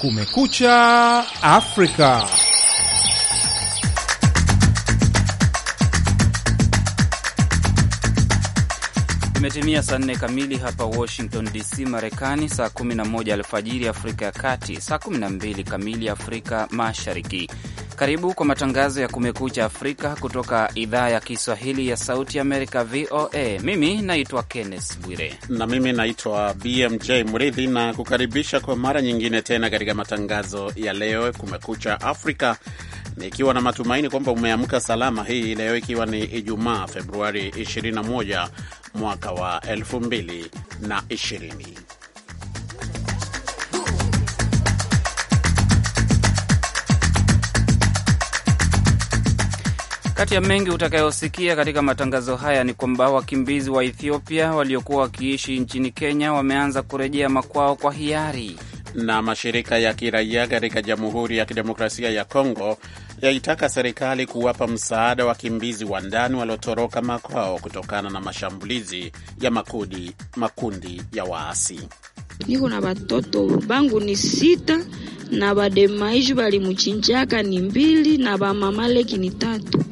Kumekucha Afrika. Imetimia saa nne kamili hapa Washington DC, Marekani, saa 11 alfajiri Afrika ya Kati, saa 12 kamili Afrika Mashariki. Karibu kwa matangazo ya Kumekucha Afrika kutoka idhaa ya Kiswahili ya Sauti Amerika, VOA. Mimi naitwa Kenneth Bwire na mimi naitwa BMJ Mridhi, na kukaribisha kwa mara nyingine tena katika matangazo ya leo Kumekucha Afrika, nikiwa na matumaini kwamba umeamka salama hii leo, ikiwa ni Ijumaa Februari 21 mwaka wa 2020. Kati ya mengi utakayosikia katika matangazo haya ni kwamba wakimbizi wa Ethiopia waliokuwa wakiishi nchini Kenya wameanza kurejea makwao kwa hiari, na mashirika ya kiraia katika Jamhuri ya Kidemokrasia ya Kongo yaitaka serikali kuwapa msaada wakimbizi wa ndani waliotoroka makwao kutokana na mashambulizi ya makundi, makundi ya waasi. Niko na watoto bangu ni sita na bademaishi balimuchinjaka ni mbili na bamamaleki ni tatu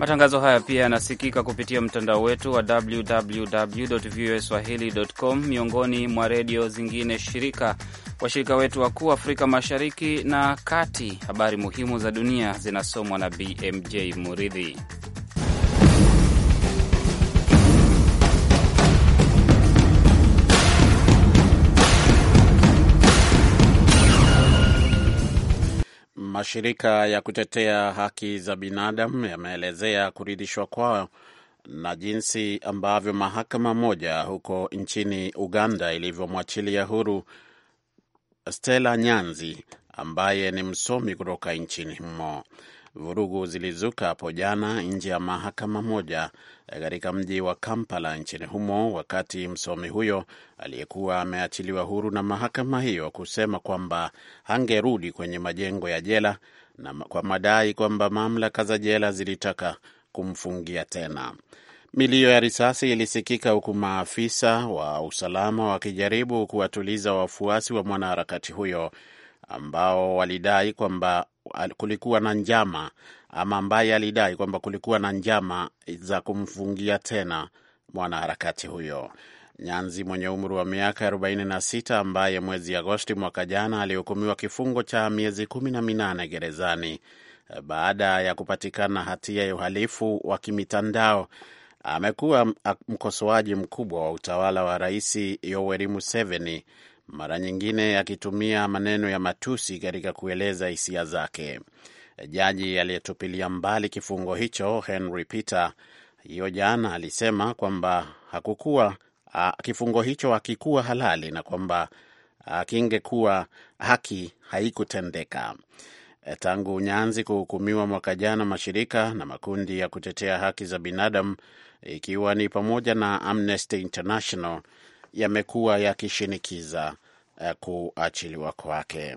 Matangazo haya pia yanasikika kupitia mtandao wetu wa www voa swahili.com, miongoni mwa redio zingine shirika washirika wetu wakuu Afrika Mashariki na Kati. Habari muhimu za dunia zinasomwa na BMJ Muridhi. Mashirika ya kutetea haki za binadamu yameelezea kuridhishwa kwao na jinsi ambavyo mahakama moja huko nchini Uganda ilivyomwachilia huru Stella Nyanzi ambaye ni msomi kutoka nchini humo. Vurugu zilizuka hapo jana nje ya mahakama moja eh, katika mji wa Kampala nchini humo, wakati msomi huyo aliyekuwa ameachiliwa huru na mahakama hiyo kusema kwamba hangerudi kwenye majengo ya jela na kwa madai kwamba mamlaka za jela zilitaka kumfungia tena. Milio ya risasi ilisikika huku maafisa wa usalama wakijaribu kuwatuliza wafuasi wa mwanaharakati huyo ambao walidai kwamba kulikuwa na njama ama ambaye alidai kwamba kulikuwa na njama za kumfungia tena mwanaharakati huyo. Nyanzi mwenye umri wa miaka 46 ambaye mwezi Agosti mwaka jana alihukumiwa kifungo cha miezi kumi na minane gerezani baada ya kupatikana hatia ya uhalifu wa kimitandao amekuwa mkosoaji mkubwa wa utawala wa Rais Yoweri Museveni mara nyingine akitumia maneno ya matusi katika kueleza hisia zake. Jaji aliyetupilia mbali kifungo hicho Henry Peter hiyo jana alisema kwamba hakukuwa a, kifungo hicho hakikuwa halali na kwamba kingekuwa haki haikutendeka. E, tangu Nyanzi kuhukumiwa mwaka jana, mashirika na makundi ya kutetea haki za binadamu ikiwa ni pamoja na Amnesty International yamekuwa yakishinikiza eh, kuachiliwa kwake.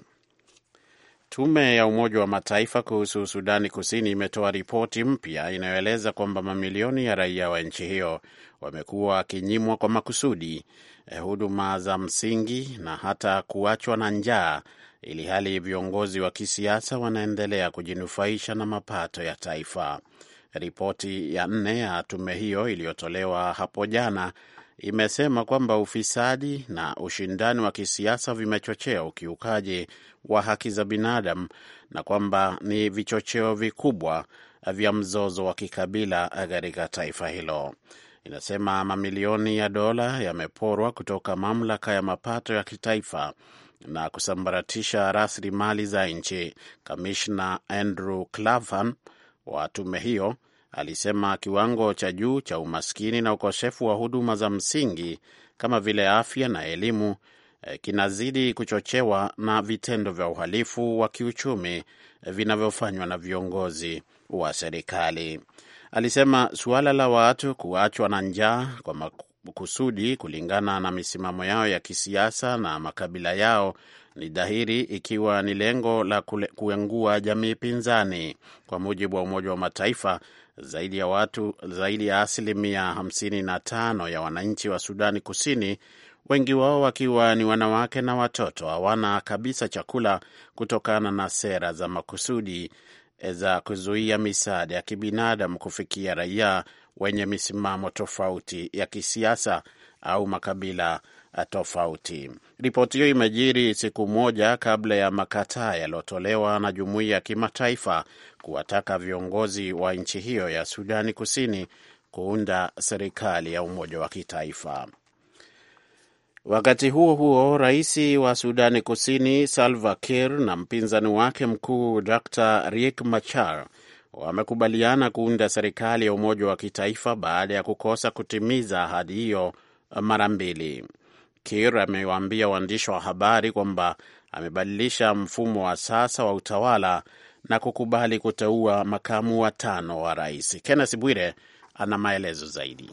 Tume ya Umoja wa Mataifa kuhusu Sudani Kusini imetoa ripoti mpya inayoeleza kwamba mamilioni ya raia wa nchi hiyo wamekuwa wakinyimwa kwa makusudi eh, huduma za msingi na hata kuachwa na njaa, ili hali viongozi wa kisiasa wanaendelea kujinufaisha na mapato ya taifa. Ripoti ya nne ya tume hiyo iliyotolewa hapo jana imesema kwamba ufisadi na ushindani wa kisiasa vimechochea ukiukaji wa haki za binadamu na kwamba ni vichocheo vikubwa vya mzozo wa kikabila katika taifa hilo. Inasema mamilioni ya dola yameporwa kutoka mamlaka ya mapato ya kitaifa na kusambaratisha rasilimali za nchi. Kamishna Andrew Clavan wa tume hiyo alisema kiwango cha juu cha umaskini na ukosefu wa huduma za msingi kama vile afya na elimu eh, kinazidi kuchochewa na vitendo vya uhalifu wa kiuchumi eh, vinavyofanywa na viongozi wa serikali. Alisema suala la watu kuachwa na njaa kwa makusudi kulingana na misimamo yao ya kisiasa na makabila yao ni dhahiri, ikiwa ni lengo la kuengua jamii pinzani. Kwa mujibu wa Umoja wa Mataifa, zaidi ya watu zaidi ya asilimia 55 ya wananchi wa Sudani Kusini, wengi wao wakiwa ni wanawake na watoto, hawana kabisa chakula kutokana na sera za makusudi za kuzuia misaada ya kibinadamu kufikia raia wenye misimamo tofauti ya kisiasa au makabila tofauti. Ripoti hiyo imejiri siku moja kabla ya makataa yaliyotolewa na jumuiya ya kimataifa kuwataka viongozi wa nchi hiyo ya Sudani Kusini kuunda serikali ya umoja wa kitaifa. Wakati huo huo, rais wa Sudani Kusini Salva Kiir na mpinzani wake mkuu Dr Riek Machar wamekubaliana kuunda serikali ya umoja wa kitaifa baada ya kukosa kutimiza ahadi hiyo mara mbili. Kir amewaambia waandishi wa habari kwamba amebadilisha mfumo wa sasa wa utawala na kukubali kuteua makamu watano wa rais. Kenneth Bwire ana maelezo zaidi.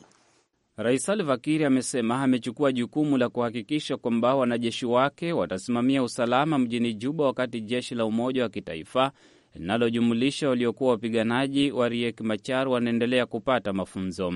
Rais Salva Kiir amesema amechukua jukumu la kuhakikisha kwamba wanajeshi wake watasimamia usalama mjini Juba, wakati jeshi la Umoja wa Kitaifa linalojumulisha waliokuwa wapiganaji wa Riek Machar wanaendelea kupata mafunzo.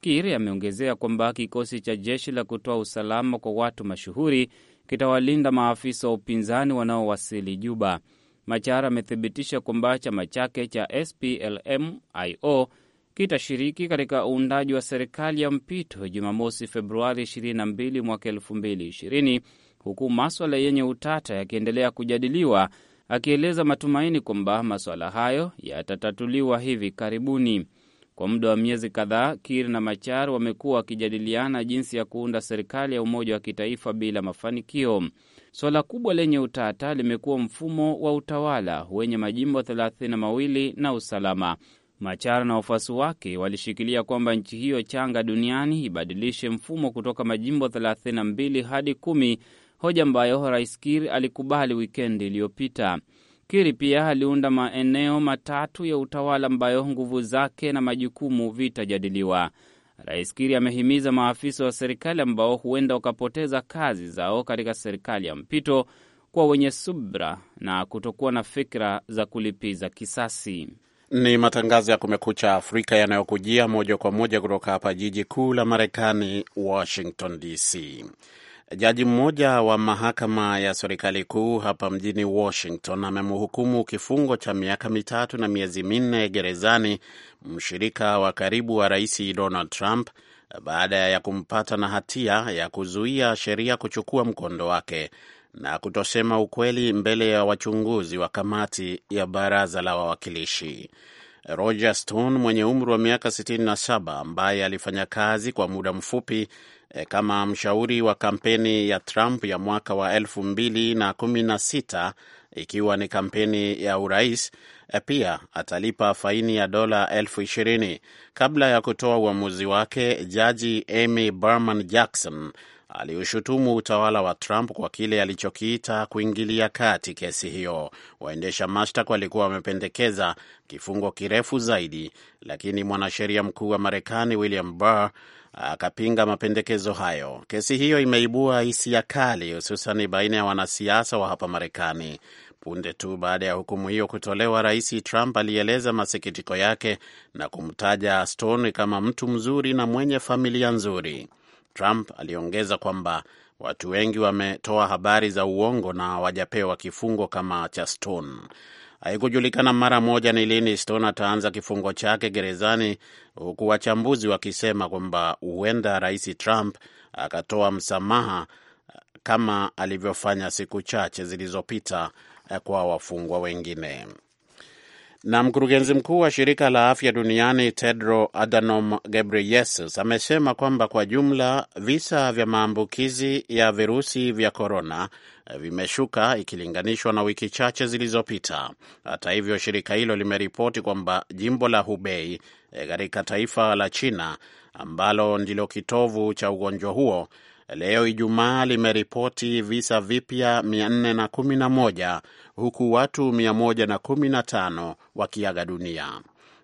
Kiir ameongezea kwamba kikosi cha jeshi la kutoa usalama kwa watu mashuhuri kitawalinda maafisa wa upinzani wanaowasili Juba. Machar amethibitisha kwamba chama chake cha SPLM-IO kitashiriki katika uundaji wa serikali ya mpito Jumamosi, Februari 22 mwaka 2020, huku maswala yenye utata yakiendelea kujadiliwa, akieleza matumaini kwamba maswala hayo yatatatuliwa hivi karibuni. Kwa muda wa miezi kadhaa, kir na Machar wamekuwa wakijadiliana jinsi ya kuunda serikali ya umoja wa kitaifa bila mafanikio. Suala kubwa lenye utata limekuwa mfumo wa utawala wenye majimbo thelathini na mawili na usalama. Machar na wafuasi wake walishikilia kwamba nchi hiyo changa duniani ibadilishe mfumo kutoka majimbo 32 hadi kumi, hoja ambayo Rais kir alikubali wikendi iliyopita. Kiri pia aliunda maeneo matatu ya utawala ambayo nguvu zake na majukumu vitajadiliwa. Rais Kiri amehimiza maafisa wa serikali ambao huenda wakapoteza kazi zao katika serikali ya mpito kuwa wenye subra na kutokuwa na fikra za kulipiza kisasi. Ni matangazo ya Kumekucha Afrika yanayokujia moja kwa moja kutoka hapa jiji kuu la Marekani, Washington DC. Jaji mmoja wa mahakama ya serikali kuu hapa mjini Washington amemhukumu kifungo cha miaka mitatu na miezi minne gerezani mshirika wa karibu wa rais Donald Trump baada ya kumpata na hatia ya kuzuia sheria kuchukua mkondo wake na kutosema ukweli mbele ya wachunguzi wa kamati ya baraza la wawakilishi. Roger Stone mwenye umri wa miaka 67 ambaye alifanya kazi kwa muda mfupi Eh, kama mshauri wa kampeni ya Trump ya mwaka wa elfu mbili na kumi na sita ikiwa ni kampeni ya urais. Eh, pia atalipa faini ya dola elfu ishirini. Kabla ya kutoa uamuzi wake, jaji Amy Berman Jackson aliushutumu utawala wa Trump kwa kile alichokiita kuingilia kati kesi hiyo. Waendesha mashtaka walikuwa wamependekeza kifungo kirefu zaidi, lakini mwanasheria mkuu wa Marekani William Barr akapinga mapendekezo hayo. Kesi hiyo imeibua hisia kali, hususan baina ya wanasiasa wa hapa Marekani. Punde tu baada ya hukumu hiyo kutolewa, Rais Trump alieleza masikitiko yake na kumtaja Stone kama mtu mzuri na mwenye familia nzuri. Trump aliongeza kwamba watu wengi wametoa habari za uongo na hawajapewa kifungo kama cha Stone. Haikujulikana mara moja ni lini Stone ataanza kifungo chake gerezani, huku wachambuzi wakisema kwamba huenda Rais Trump akatoa msamaha kama alivyofanya siku chache zilizopita kwa wafungwa wengine. Na mkurugenzi mkuu wa shirika la afya duniani tedro Adhanom Ghebreyesus amesema kwamba kwa jumla visa vya maambukizi ya virusi vya korona vimeshuka ikilinganishwa na wiki chache zilizopita. Hata hivyo, shirika hilo limeripoti kwamba jimbo la Hubei eh, katika taifa la China ambalo ndilo kitovu cha ugonjwa huo leo Ijumaa limeripoti visa vipya 411 huku watu 115 wakiaga dunia.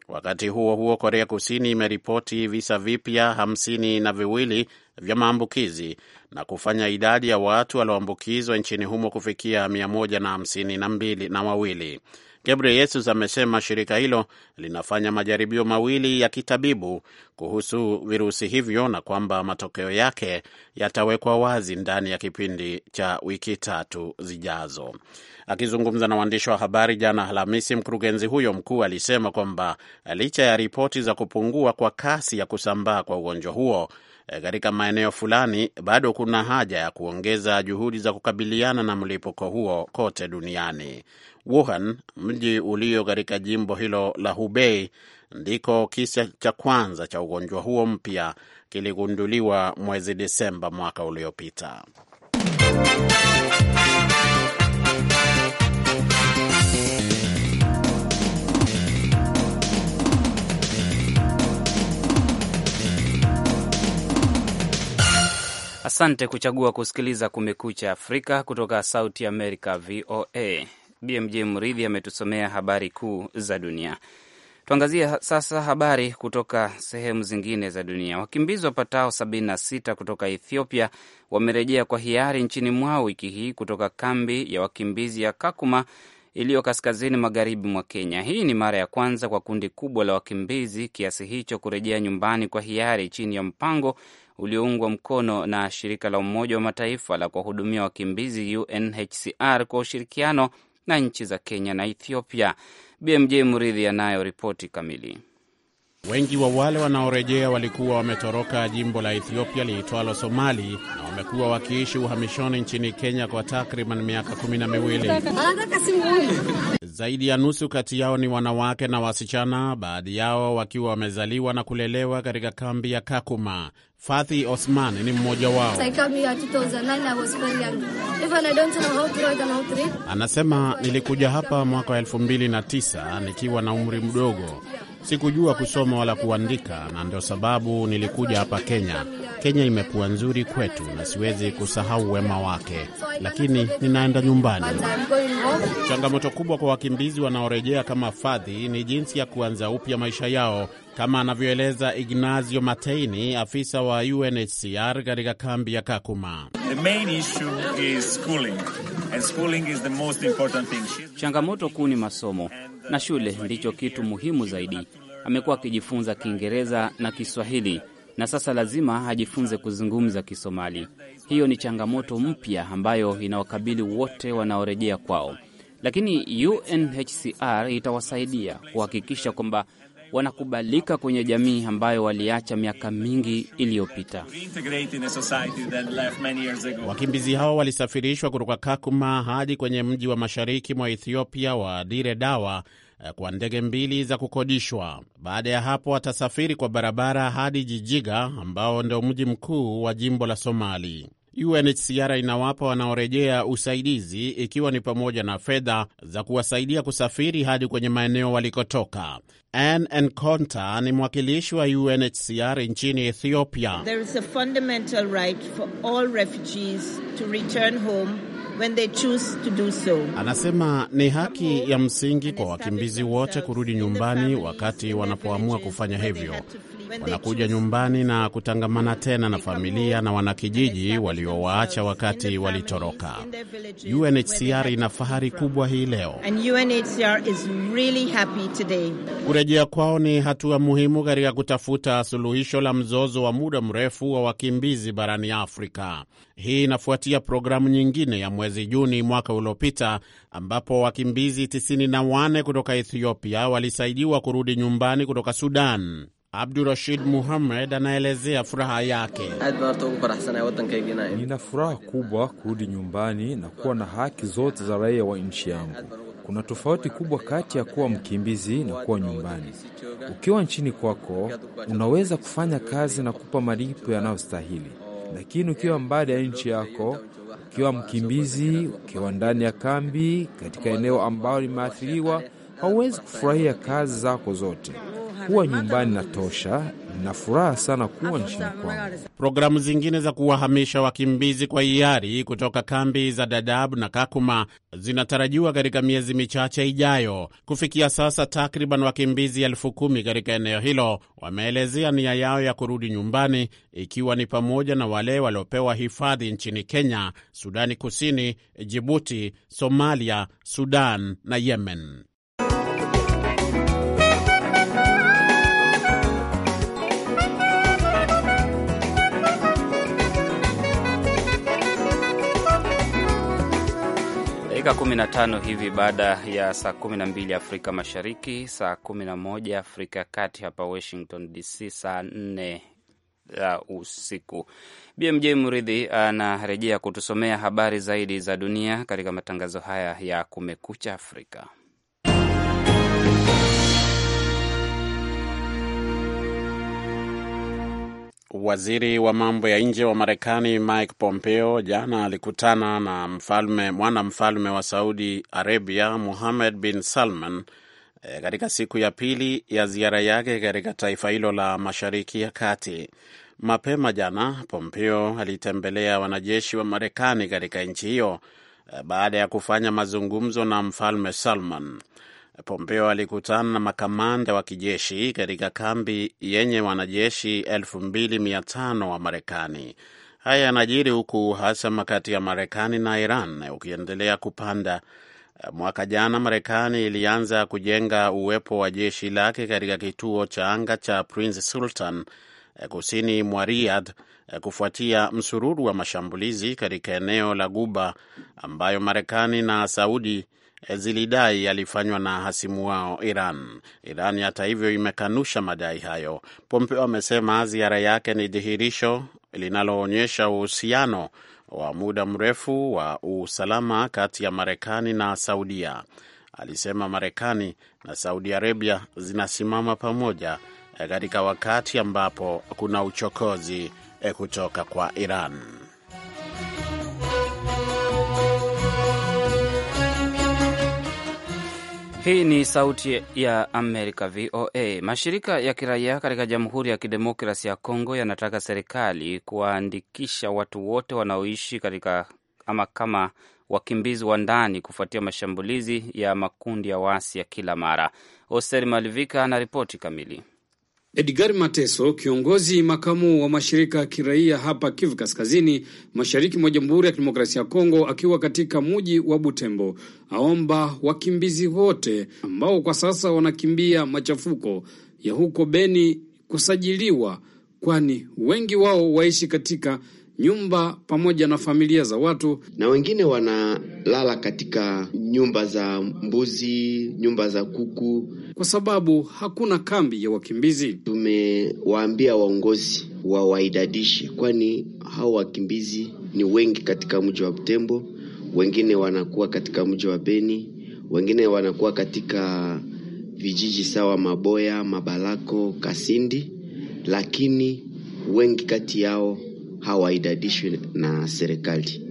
Wakati huo huo, Korea Kusini imeripoti visa vipya hamsini na viwili vya maambukizi na kufanya idadi ya watu walioambukizwa nchini humo kufikia mia moja na hamsini na mbili na wawili. Gabriel Yesus amesema shirika hilo linafanya majaribio mawili ya kitabibu kuhusu virusi hivyo na kwamba matokeo yake yatawekwa wazi ndani ya kipindi cha wiki tatu zijazo. Akizungumza na waandishi wa habari jana Alhamisi, mkurugenzi huyo mkuu alisema kwamba licha ya ripoti za kupungua kwa kasi ya kusambaa kwa ugonjwa huo Eh, katika maeneo fulani, bado kuna haja ya kuongeza juhudi za kukabiliana na mlipuko huo kote duniani. Wuhan, mji ulio katika jimbo hilo la Hubei, ndiko kisa cha kwanza cha ugonjwa huo mpya kiligunduliwa mwezi Desemba mwaka uliopita. Asante kuchagua kusikiliza Kumekucha Afrika kutoka Sauti Amerika, VOA. BMJ Mridhi ametusomea habari kuu za dunia. Tuangazie sasa habari kutoka sehemu zingine za dunia. Wakimbizi wapatao 76 kutoka Ethiopia wamerejea kwa hiari nchini mwao wiki hii kutoka kambi ya wakimbizi ya Kakuma iliyo kaskazini magharibi mwa Kenya. Hii ni mara ya kwanza kwa kundi kubwa la wakimbizi kiasi hicho kurejea nyumbani kwa hiari chini ya mpango ulioungwa mkono na shirika la Umoja wa Mataifa la kuwahudumia wakimbizi UNHCR kwa ushirikiano na nchi za Kenya na Ethiopia. BMJ Muridhi anayo ripoti kamili. Wengi wa wale wanaorejea walikuwa wametoroka jimbo la Ethiopia liitwalo Somali na wamekuwa wakiishi uhamishoni nchini Kenya kwa takriban miaka kumi na miwili. Zaidi ya nusu kati yao ni wanawake na wasichana, baadhi yao wakiwa wamezaliwa na kulelewa katika kambi ya Kakuma. Fathi Osman ni mmoja wao. Anasema, nilikuja hapa mwaka wa 2009 nikiwa na umri mdogo Sikujua kusoma wala kuandika, na ndio sababu nilikuja hapa Kenya. Kenya imekuwa nzuri kwetu na siwezi kusahau wema wake, lakini ninaenda nyumbani. Changamoto kubwa kwa wakimbizi wanaorejea kama fadhi ni jinsi ya kuanza upya maisha yao kama anavyoeleza Ignazio Mateini, afisa wa UNHCR katika kambi ya Kakuma. Changamoto kuu ni masomo na shule ndicho kitu muhimu zaidi. Amekuwa akijifunza Kiingereza na Kiswahili na sasa lazima ajifunze kuzungumza Kisomali. Hiyo ni changamoto mpya ambayo inawakabili wote wanaorejea kwao, lakini UNHCR itawasaidia kuhakikisha kwamba wanakubalika kwenye jamii ambayo waliacha miaka mingi iliyopita. Wakimbizi hao walisafirishwa kutoka Kakuma hadi kwenye mji wa mashariki mwa Ethiopia wa Dire Dawa eh, kwa ndege mbili za kukodishwa. Baada ya hapo, watasafiri kwa barabara hadi Jijiga ambao ndio mji mkuu wa jimbo la Somali. UNHCR inawapa wanaorejea usaidizi ikiwa ni pamoja na fedha za kuwasaidia kusafiri hadi kwenye maeneo walikotoka. Anne Enconta ni mwakilishi wa UNHCR nchini Ethiopia. There is a fundamental right for all refugees to return home when they choose to do so. Anasema ni haki ya msingi kwa wakimbizi wote kurudi nyumbani wakati wanapoamua kufanya hivyo wanakuja nyumbani na kutangamana tena na familia na wanakijiji waliowaacha wakati walitoroka. UNHCR ina fahari kubwa hii leo. kurejea kwao ni hatua muhimu katika kutafuta suluhisho la mzozo wa muda mrefu wa wakimbizi barani Afrika. Hii inafuatia programu nyingine ya mwezi Juni mwaka uliopita ambapo wakimbizi 94 kutoka Ethiopia walisaidiwa kurudi nyumbani kutoka Sudan. Abdurashid Muhammad anaelezea furaha yake. Nina furaha kubwa kurudi nyumbani na kuwa na haki zote za raia wa nchi yangu. Kuna tofauti kubwa kati ya kuwa mkimbizi na kuwa nyumbani. Ukiwa nchini kwako, unaweza kufanya kazi na kupa malipo yanayostahili, lakini ukiwa mbali ya nchi yako, ukiwa mkimbizi, ukiwa ndani ya kambi, katika eneo ambalo limeathiriwa, hauwezi kufurahia kazi zako zote kuwa nyumbani na tosha na furaha sana kuwa nchini kwangu. Programu zingine za kuwahamisha wakimbizi kwa hiari kutoka kambi za Dadaab na Kakuma zinatarajiwa katika miezi michache ijayo. Kufikia sasa, takriban wakimbizi elfu kumi katika eneo hilo wameelezea nia yao ya kurudi nyumbani, ikiwa ni pamoja na wale waliopewa hifadhi nchini Kenya, Sudani Kusini, Jibuti, Somalia, Sudan na Yemen. Dakika 15 hivi baada ya saa 12 Afrika Mashariki, saa 11 Afrika ya Kati, hapa Washington DC saa 4 ya usiku. BMJ mridhi anarejea kutusomea habari zaidi za dunia katika matangazo haya ya Kumekucha Afrika. Waziri wa mambo ya nje wa Marekani Mike Pompeo jana alikutana na mfalme mwana mfalme wa Saudi Arabia Muhammad bin Salman e, katika siku ya pili ya ziara yake katika taifa hilo la Mashariki ya Kati. Mapema jana, Pompeo alitembelea wanajeshi wa Marekani katika nchi hiyo e, baada ya kufanya mazungumzo na mfalme Salman. Pompeo alikutana na makamanda wa kijeshi katika kambi yenye wanajeshi 2500 wa Marekani. Haya yanajiri huku uhasama kati ya Marekani na Iran ukiendelea kupanda. Mwaka jana Marekani ilianza kujenga uwepo wa jeshi lake katika kituo cha anga cha Prince Sultan eh, kusini mwa Riyadh eh, kufuatia msururu wa mashambulizi katika eneo la Guba ambayo Marekani na Saudi zilidai yalifanywa na hasimu wao Iran. Iran hata hivyo imekanusha madai hayo. Pompeo amesema ziara yake ni dhihirisho linaloonyesha uhusiano wa muda mrefu wa usalama kati ya Marekani na Saudia. Alisema Marekani na Saudi Arabia zinasimama pamoja eh, katika wakati ambapo kuna uchokozi eh, kutoka kwa Iran. Hii ni Sauti ya Amerika, VOA. Mashirika ya kiraia katika Jamhuri ya Kidemokrasi ya Kongo yanataka serikali kuwaandikisha watu wote wanaoishi katika ama kama wakimbizi wa ndani kufuatia mashambulizi ya makundi ya waasi ya kila mara. Oser Malivika ana ripoti kamili. Edgar Mateso, kiongozi makamu wa mashirika ya kiraia hapa Kivu Kaskazini, mashariki mwa Jamhuri ya Kidemokrasia ya Kongo, akiwa katika muji wa Butembo, aomba wakimbizi wote ambao kwa sasa wanakimbia machafuko ya huko Beni kusajiliwa, kwani wengi wao waishi katika nyumba pamoja na familia za watu, na wengine wanalala katika nyumba za mbuzi, nyumba za kuku, kwa sababu hakuna kambi ya wakimbizi. Tumewaambia waongozi wawaidadishe, kwani hao wakimbizi ni wengi katika mji wa Butembo, wengine wanakuwa katika mji wa Beni, wengine wanakuwa katika vijiji sawa Maboya, Mabalako, Kasindi, lakini wengi kati yao hawaidadishwi na serikali.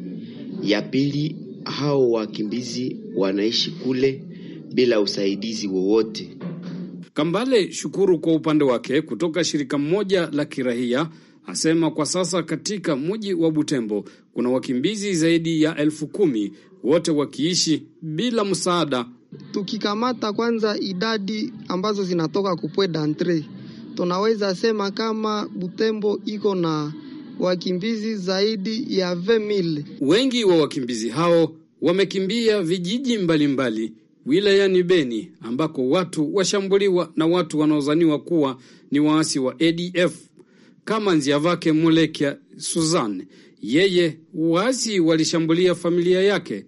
Ya pili, hao wakimbizi wanaishi kule bila usaidizi wowote. Kambale Shukuru kwa upande wake kutoka shirika moja la kirahia asema kwa sasa katika mji wa Butembo kuna wakimbizi zaidi ya elfu kumi wote wakiishi bila msaada. Tukikamata kwanza idadi ambazo zinatoka kupwe dantre, tunaweza sema kama Butembo iko na wakimbizi zaidi ya vemil. Wengi wa wakimbizi hao wamekimbia vijiji mbalimbali wilayani Beni ambako watu washambuliwa na watu wanaozaniwa kuwa ni waasi wa ADF kama nzia vake Mulekya suzan Yeye waasi walishambulia familia yake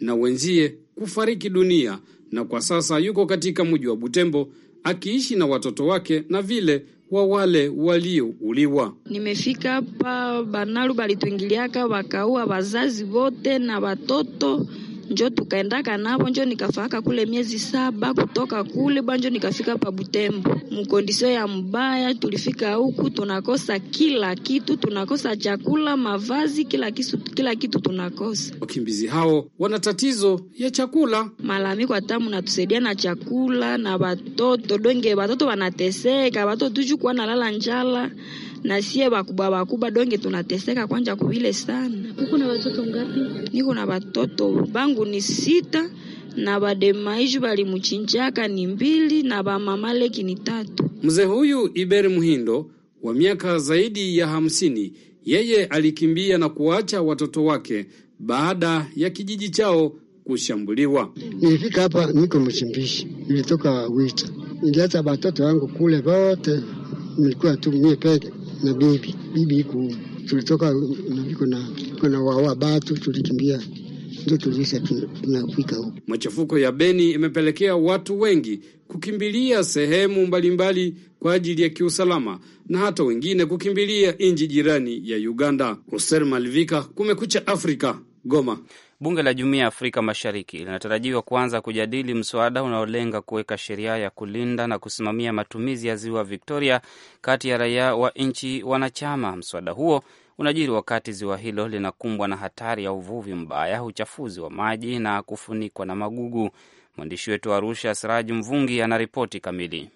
na wenzie kufariki dunia, na kwa sasa yuko katika mji wa Butembo akiishi na watoto wake na vile wa wale waliouliwa. Nimefika hapa, banalu balituingiliaka, wakaua wazazi wote na watoto njo tukaendaka navo, njo nikafaaka kule miezi saba. Kutoka kule banjo nikafika pa Butembo mukondisio ya mbaya. Tulifika huku tunakosa kila kitu, tunakosa chakula, mavazi, kila kisu, kila kitu tunakosa. Wakimbizi hao wana tatizo ya chakula, malamiko hata munatusaidia na chakula na watoto donge, watoto wanateseka, watoto tujukuwa nalala njala na sie bakubwa bakubwa donge tunateseka kwanja kuile sana. Uko na watoto ngapi? Niko na watoto bangu ni sita na bademaiju balimuchinjaka ni mbili na bamamaleki ni tatu. Mzee huyu Iberi Muhindo wa miaka zaidi ya hamsini, yeye alikimbia na kuacha watoto wake baada ya kijiji chao kushambuliwa. Nilifika hapa niko mchimbishi, nilitoka Wita, niliacha watoto wangu kule vote, nilikuwa tu mie peke na bibi bibi iko tulitoka niko na na wawa batu tulikimbia ndio tulisha tunafika huko. Machafuko ya Beni imepelekea watu wengi kukimbilia sehemu mbalimbali mbali kwa ajili ya kiusalama na hata wengine kukimbilia nchi jirani ya Uganda. Hoser Malvika, Kumekucha Afrika, Goma. Bunge la Jumuiya ya Afrika Mashariki linatarajiwa kuanza kujadili mswada unaolenga kuweka sheria ya kulinda na kusimamia matumizi ya ziwa Victoria kati ya raia wa nchi wanachama. Mswada huo unajiri wakati ziwa hilo linakumbwa na hatari ya uvuvi mbaya, uchafuzi wa maji na kufunikwa na magugu. Mwandishi wetu wa Arusha, Siraji Mvungi, anaripoti kamili.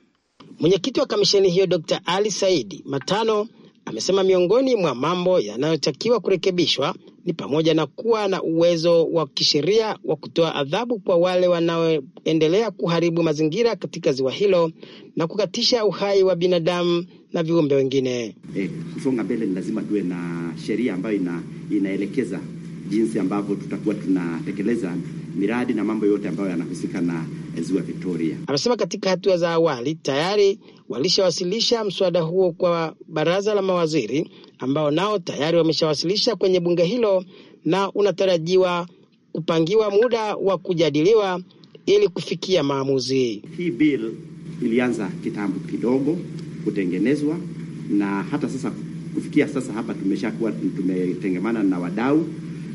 Mwenyekiti wa kamisheni hiyo Dr Ali Saidi Matano Amesema miongoni mwa mambo yanayotakiwa kurekebishwa ni pamoja na kuwa na uwezo wa kisheria wa kutoa adhabu kwa wale wanaoendelea kuharibu mazingira katika ziwa hilo na kukatisha uhai wa binadamu na viumbe wengine. E, kusonga mbele ni lazima tuwe na sheria ambayo ina, inaelekeza jinsi ambavyo tutakuwa tunatekeleza miradi na mambo yote ambayo yanahusika na ziwa Victoria. Amesema katika hatua za awali tayari walishawasilisha mswada huo kwa baraza la mawaziri ambao nao tayari wameshawasilisha kwenye bunge hilo na unatarajiwa kupangiwa muda wa kujadiliwa ili kufikia maamuzi. Hii bill ilianza kitambo kidogo kutengenezwa na hata sasa kufikia sasa hapa tumeshakuwa tumetengemana na wadau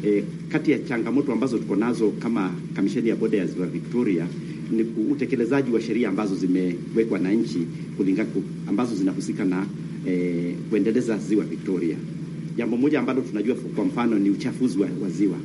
e, kati ya changamoto ambazo tuko nazo kama kamisheni ya boda ya ziwa Victoria ni utekelezaji wa sheria ambazo zimewekwa na nchi kulingana, ambazo zinahusika na e, kuendeleza ziwa Victoria. Jambo moja ambalo tunajua kwa mfano ni uchafuzi wa, wa ziwa.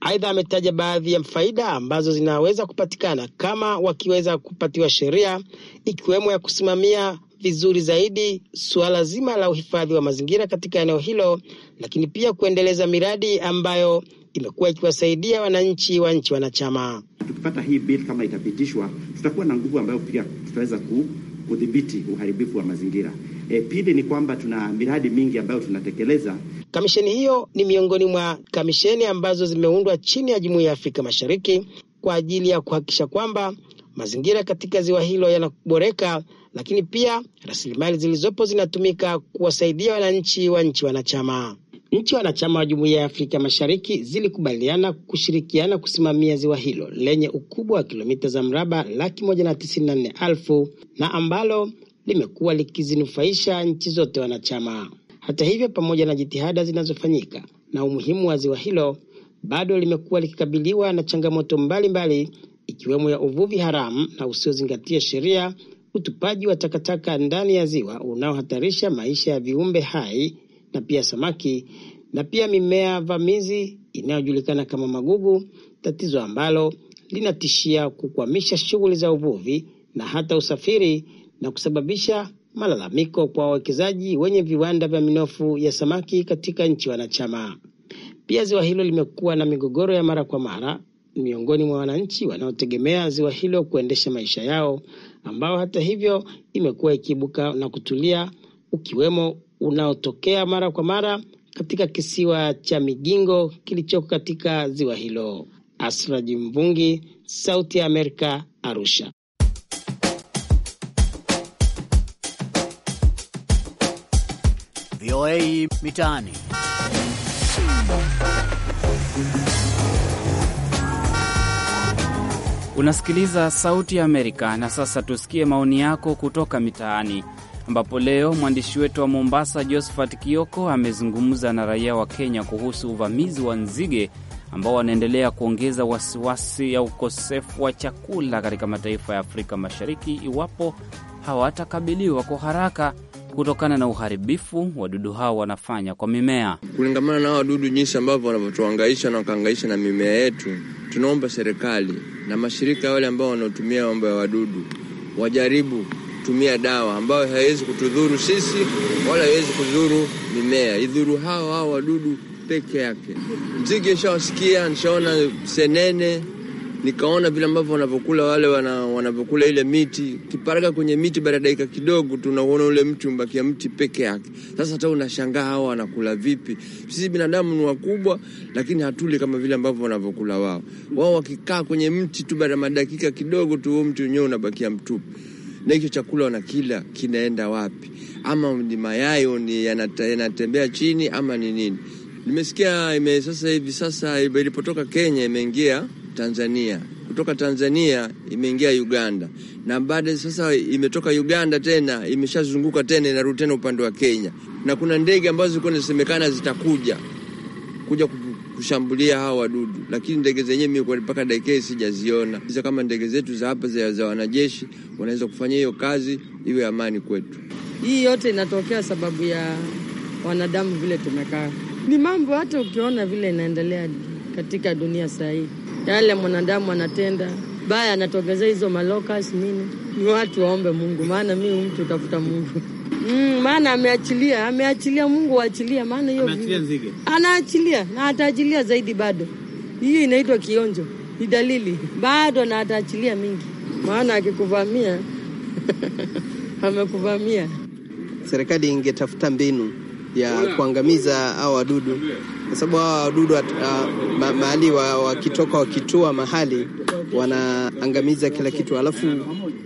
Aidha, ametaja baadhi ya faida ambazo zinaweza kupatikana kama wakiweza kupatiwa sheria, ikiwemo ya kusimamia vizuri zaidi suala zima la uhifadhi wa mazingira katika eneo hilo, lakini pia kuendeleza miradi ambayo imekuwa ikiwasaidia wananchi wa nchi wanachama. Tukipata hii bill kama itapitishwa, tutakuwa na nguvu ambayo pia tutaweza kudhibiti uharibifu wa mazingira. E, pili ni kwamba tuna miradi mingi ambayo tunatekeleza. Kamisheni hiyo ni miongoni mwa kamisheni ambazo zimeundwa chini ya Jumuiya ya Afrika Mashariki kwa ajili ya kuhakikisha kwamba mazingira katika ziwa hilo yanaboreka, lakini pia rasilimali zilizopo zinatumika kuwasaidia wananchi wa nchi wanachama. Nchi wanachama wa Jumuiya ya Afrika Mashariki zilikubaliana kushirikiana kusimamia ziwa hilo lenye ukubwa wa kilomita za mraba laki moja na tisini na nne elfu na ambalo limekuwa likizinufaisha nchi zote wanachama. Hata hivyo, pamoja na jitihada zinazofanyika na umuhimu wa ziwa hilo, bado limekuwa likikabiliwa na changamoto mbalimbali ikiwemo ya uvuvi haramu na usiozingatia sheria, utupaji wa takataka ndani ya ziwa unaohatarisha maisha ya viumbe hai na pia samaki na pia mimea vamizi inayojulikana kama magugu, tatizo ambalo linatishia kukwamisha shughuli za uvuvi na hata usafiri na kusababisha malalamiko kwa wawekezaji wenye viwanda vya minofu ya samaki katika nchi wanachama. Pia ziwa hilo limekuwa na migogoro ya mara kwa mara miongoni mwa wananchi wanaotegemea ziwa hilo kuendesha maisha yao, ambao hata hivyo imekuwa ikiibuka na kutulia, ukiwemo unaotokea mara kwa mara katika kisiwa cha Migingo kilichoko katika ziwa hilo. Asraji Mvungi, Sauti ya Amerika, Arusha. VOA Mitaani. Unasikiliza Sauti ya Amerika na sasa tusikie maoni yako kutoka mitaani ambapo leo mwandishi wetu wa Mombasa Josephat Kioko amezungumza na raia wa Kenya kuhusu uvamizi wa nzige ambao wanaendelea kuongeza wasiwasi ya ukosefu wa chakula katika mataifa ya Afrika Mashariki iwapo hawatakabiliwa kwa haraka kutokana na uharibifu wadudu hao wanafanya kwa mimea. Kulingamana na wadudu jinsi ambavyo wanavyotuangaisha na wakaangaisha na mimea yetu, tunaomba serikali na mashirika yale ambao wanaotumia mambo ya wadudu wajaribu kutumia dawa ambayo haiwezi kutudhuru sisi wala haiwezi kudhuru mimea, idhuru hao hao wadudu peke yake. Mziki nishawasikia, nishaona senene, nikaona vile ambavyo wanavyokula wale wana, wanavyokula ile miti. Kiparaga kwenye miti, baada ya dakika kidogo tunauona ule mti umbakia mti peke yake. Sasa hata unashangaa hao wanakula vipi? Sisi binadamu ni wakubwa, lakini hatuli kama vile ambavyo wanavyokula wao. Wao wakikaa kwenye mti tu, baada ya madakika kidogo tu, huo mti wenyewe unabakia mtupu na hicho chakula wanakila kinaenda wapi? Ama ni mayai ni yanatembea chini ama ni nini? Nimesikia ime sasa hivi sasa ilipotoka Kenya imeingia Tanzania, kutoka Tanzania imeingia Uganda, na baada sasa imetoka Uganda tena imeshazunguka tena inarudi tena upande wa Kenya, na kuna ndege ambazo zilikuwa zinasemekana zitakuja kuja kushambulia hawa wadudu, lakini ndege zenyewe mimi kwa mpaka dakika hii sijaziona. hizo. kama ndege zetu za hapa za wanajeshi wanaweza kufanya hiyo kazi, iwe amani kwetu. Hii yote inatokea sababu ya wanadamu, vile tumekaa. Ni mambo hata ukiona vile inaendelea katika dunia saa hii, yale mwanadamu anatenda baya, anatogezea hizo malokas nini, ni watu waombe Mungu, maana mi mtu utafuta Mungu Mm, maana ameachilia, ameachilia. Mungu waachilia, maana hiyo anaachilia na ataachilia zaidi bado. Hii inaitwa kionjo, ni dalili bado, na ataachilia mingi, maana akikuvamia amekuvamia. Serikali ingetafuta mbinu ya kuangamiza hao wadudu, kwa sababu hao wadudu ah, mahali wakitoka, wakitua mahali wanaangamiza kila kitu, alafu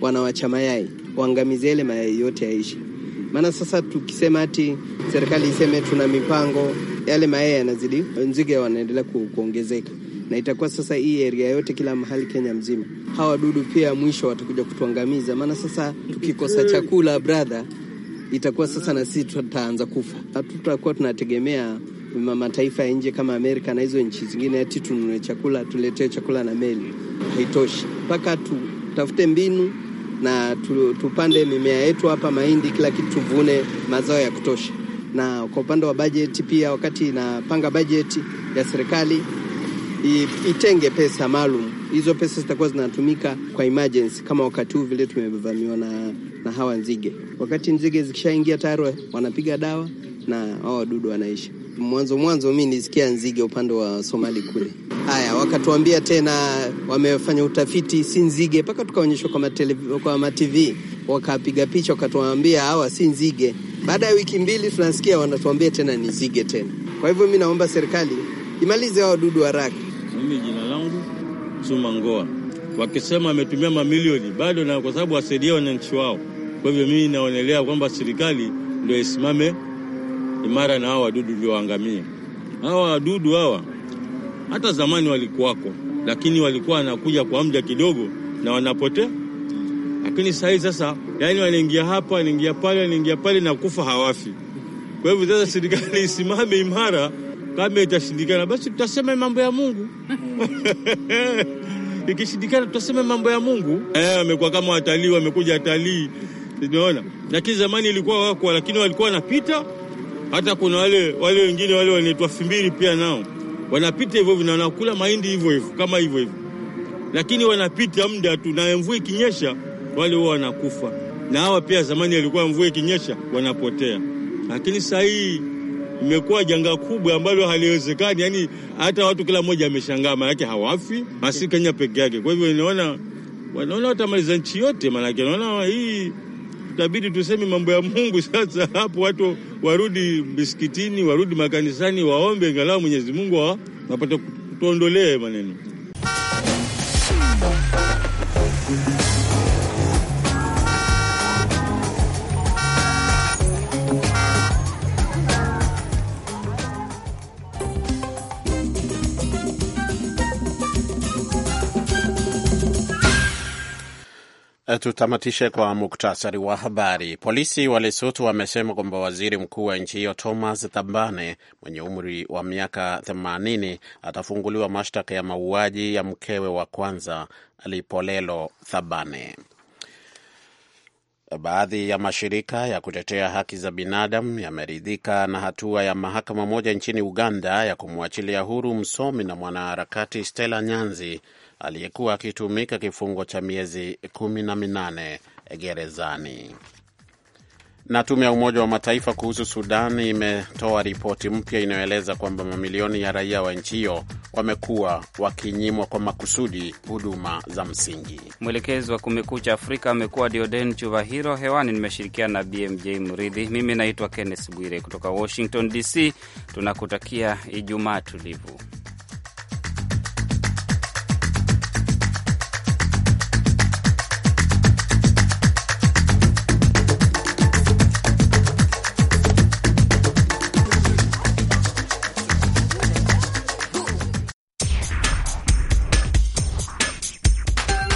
wanawacha mayai, waangamize ile mayai yote yaishi. Maana sasa tukisema ati serikali iseme tuna mipango, yale mayai yanazidi, nzige wanaendelea kuongezeka, na itakuwa sasa hii area yote, kila mahali Kenya mzima, hawa wadudu pia mwisho watakuja kutuangamiza. Maana sasa tukikosa chakula brother, itakuwa sasa na sisi tutaanza kufa, hatutakuwa tunategemea mataifa ya nje kama Amerika na hizo nchi zingine, ati tununue chakula, tuletee chakula na meli. Haitoshi mpaka tutafute mbinu na tu, tupande mimea yetu hapa, mahindi, kila kitu, tuvune mazao ya kutosha. Na kwa upande wa bajeti pia, wakati inapanga bajeti ya serikali itenge pesa maalum. Hizo pesa zitakuwa zinatumika kwa emergency, kama wakati huu vile tumevamiwa na, na hawa nzige. Wakati nzige zikishaingia tayari wanapiga dawa na hao wadudu wanaishi mwanzo mwanzo mi nisikia nzige upande wa Somali kule. Haya, wakatuambia tena wamefanya utafiti si nzige, mpaka tukaonyeshwa kwa kwa matv wakapiga picha wakatuambia hawa si nzige. Baada ya wiki mbili tunasikia wanatuambia tena ni nzige tena. Kwa hivyo mi naomba serikali imalize hao wadudu haraka. Mimi jina langu Suma Ngoa, wakisema ametumia mamilioni bado na kwa sababu wasaidia wananchi wao. Kwa hivyo mimi naonelea kwamba serikali ndio isimame imara na hawa wadudu ulioangamia. Hawa wadudu hawa hata zamani walikuwako, lakini walikuwa wanakuja kwa muda kidogo na wanapotea. Lakini saa hii sasa, yani wanaingia hapa, wanaingia pale, wanaingia pale na kufa hawafi. Kwa hivyo sasa serikali isimame imara. Kama itashindikana, basi tutasema mambo ya Mungu ikishindikana tutasema mambo ya Mungu. Eh, wamekuwa kama watalii, wamekuja watalii, tumeona. Lakini zamani ilikuwa wako, lakini walikuwa wanapita hata kuna wale wale wengine wale wanaitwa fimbiri pia nao wanapita hivyo na wanakula mahindi hivyo hivyo kama hivyo hivyo, lakini wanapita muda tu, na mvua ikinyesha wale huwa wanakufa. Na hawa pia zamani walikuwa mvua ikinyesha wanapotea, lakini sasa hii imekuwa janga kubwa ambalo haliwezekani. Yani hata watu kila mmoja ameshangaa, maanake hawafi hasi Kenya peke yake. Kwa hivyo inaona wanaona watamaliza nchi yote, maanake naona hii Itabidi tuseme mambo ya Mungu sasa. Hapo watu warudi misikitini, warudi makanisani, waombe angalau Mwenyezi Mungu wapate kutuondolee maneno tutamatishe kwa muktasari wa habari. Polisi wa Lesotho wamesema kwamba waziri mkuu wa nchi hiyo Thomas Thabane mwenye umri wa miaka 80 atafunguliwa mashtaka ya mauaji ya mkewe wa kwanza Lipolelo Thabane. Baadhi ya mashirika ya kutetea haki za binadamu yameridhika na hatua ya mahakama moja nchini Uganda ya kumwachilia huru msomi na mwanaharakati Stella Nyanzi aliyekuwa akitumika kifungo cha miezi kumi na minane gerezani. Na tume ya Umoja wa Mataifa kuhusu Sudan imetoa ripoti mpya inayoeleza kwamba mamilioni ya raia wa nchi hiyo wamekuwa wakinyimwa kwa makusudi huduma za msingi. Mwelekezi wa Kumekucha Afrika amekuwa Dioden Chuvahiro. Hewani nimeshirikiana na BMJ Mridhi. Mimi naitwa Kenneth Bwire kutoka Washington DC. Tunakutakia Ijumaa tulivu.